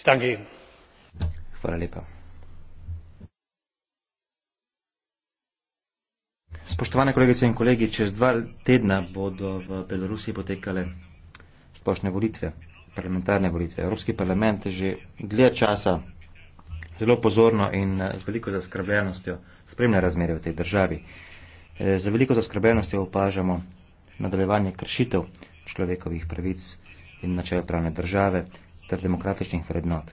ich danke ihnen. spoštovane kolegice in kolegi čez dva tedna bodo v belorusiji potekale splošne volitve parlamentarne volitve evropski parlament že dlje časa zelo pozorno in eh, z veliko zaskrbljenostjo spremlja razmere v tej državi e, eh, za veliko zaskrbljenostjo opažamo nadaljevanje kršitev človekovih pravic in načel pravne države ter demokratičnih vrednot.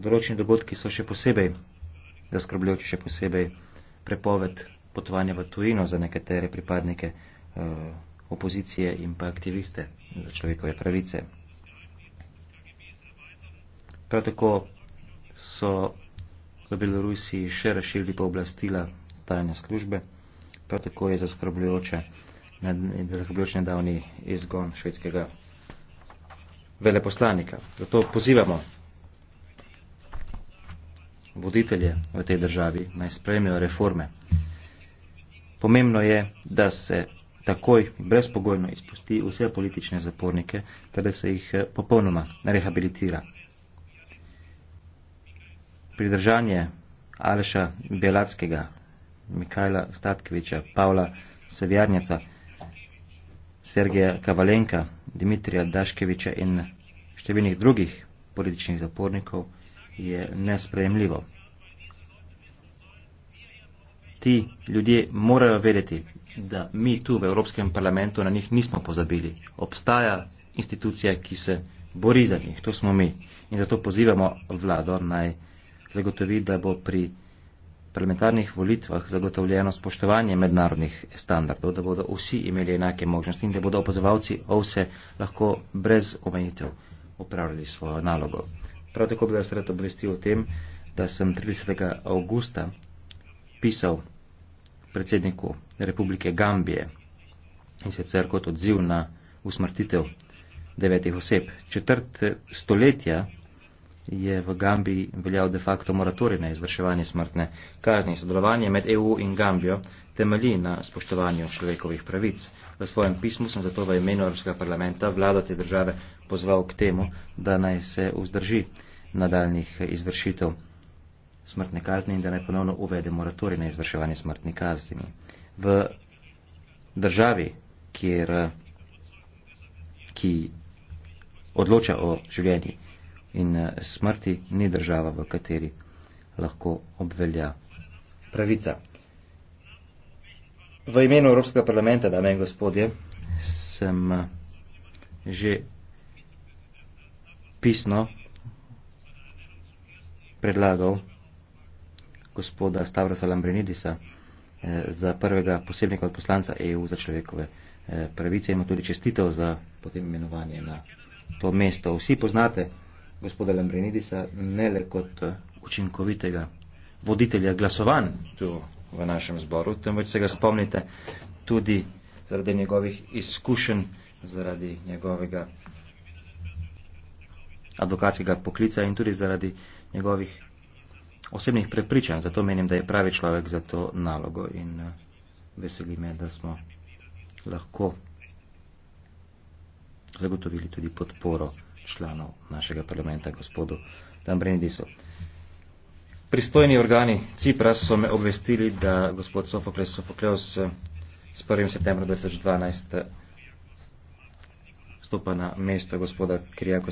Določeni dogodki so še posebej zaskrbljujoči, še posebej prepoved potovanja v tujino za nekatere pripadnike uh, opozicije in pa aktiviste za človekove pravice. Prav tako so v Belorusiji še razširili pooblastila tajne službe, prav tako je zaskrbljujoče nedavni izgon švedskega veleposlanika. Zato pozivamo voditelje v tej državi naj sprejmejo reforme. Pomembno je, da se takoj brezpogojno izpusti vse politične zapornike, ter da se jih eh, popolnoma rehabilitira. Pridržanje Aleša Bjelackega, Mikajla Statkeviča, Pavla Savjarnjaca, Sergeja Kavalenka, Dimitrija Daškeviča in številnih drugih političnih zapornikov je nesprejemljivo. Ti ljudje morajo vedeti, da mi tu v Evropskem parlamentu na njih nismo pozabili. Obstaja institucija, ki se bori za njih, to smo mi. In zato pozivamo vlado naj zagotovi, da bo pri parlamentarnih volitvah zagotovljeno spoštovanje mednarodnih standardov, da bodo vsi imeli enake možnosti in da bodo opazovalci OVSE lahko brez omejitev upravljali svojo nalogo. Prav tako bi vas rad obvestil o tem, da sem 30. augusta pisal predsedniku Republike Gambije in sicer kot odziv na usmrtitev devetih oseb. Četrt stoletja je v Gambiji veljal de facto moratorij na izvrševanje smrtne kazni. Sodelovanje med EU in Gambijo temelji na spoštovanju človekovih pravic. V svojem pismu sem zato v imenu Evropskega parlamenta vlado te države pozval k temu, da naj se vzdrži nadaljnih izvršitev smrtne kazni in da naj ponovno uvede moratorij na izvrševanje smrtne kazni. V državi, kjer, ki odloča o življenji in eh, smrti ni država, v kateri lahko obvelja pravica. V imenu Evropskega parlamenta, dame in gospodje, sem eh, že pisno predlagal gospoda Stavrasa Lambrinidisa eh, za prvega posebnega odposlanca EU za človekove pravice in mu tudi čestitev za potem imenovanje na to mesto. Vsi poznate gospoda Lambrinidisa, ne le kot eh, učinkovitega voditelja glasovanj tu v našem zboru, temveč se ga spomnite tudi zaradi njegovih izkušenj, zaradi njegovega advokatskega poklica in tudi zaradi njegovih osebnih prepričanj. Zato menim, da je pravi človek za to nalogo in eh, veseli me, da smo lahko zagotovili tudi podporo članov našega parlamenta, gospodu Dambrenidisu. Pristojni organi Cipra so me obvestili, da gospod Sofokles Sofokleos eh, s 1. septembra 2012 stopa na mesto gospoda Kriako